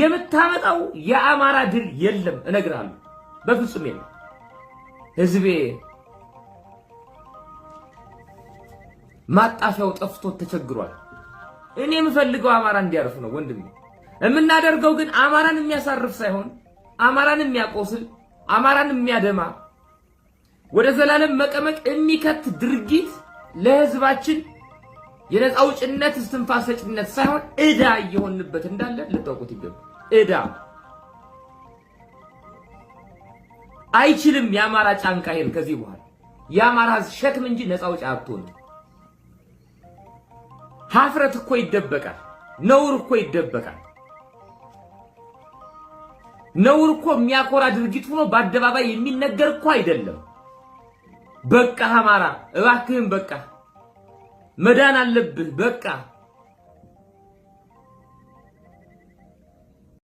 የምታመጣው የአማራ ድል የለም፣ እነግራለሁ። በፍጹም የለም። ህዝቤ ማጣፊያው ጠፍቶ ተቸግሯል። እኔ የምፈልገው አማራ እንዲያርፍ ነው ወንድም። የምናደርገው ግን አማራን የሚያሳርፍ ሳይሆን አማራን የሚያቆስል አማራን የሚያደማ ወደ ዘላለም መቀመቅ የሚከት ድርጊት ለህዝባችን የነፃ ውጭነት እስትንፋስ ሰጭነት ሳይሆን እዳ እየሆንበት እንዳለ ልታውቁት ይገባል። እዳ አይችልም። የአማራ ጫንቃ ይሄን ከዚህ በኋላ የአማራ ሸክም እንጂ ነፃ ውጭ አትሆን። ሀፍረት እኮ ይደበቃል። ነውር እኮ ይደበቃል። ነውር እኮ የሚያኮራ ድርጊት ሆኖ በአደባባይ የሚነገር እኮ አይደለም። በቃ አማራ እባክህን በቃ መዳን አለብን በቃ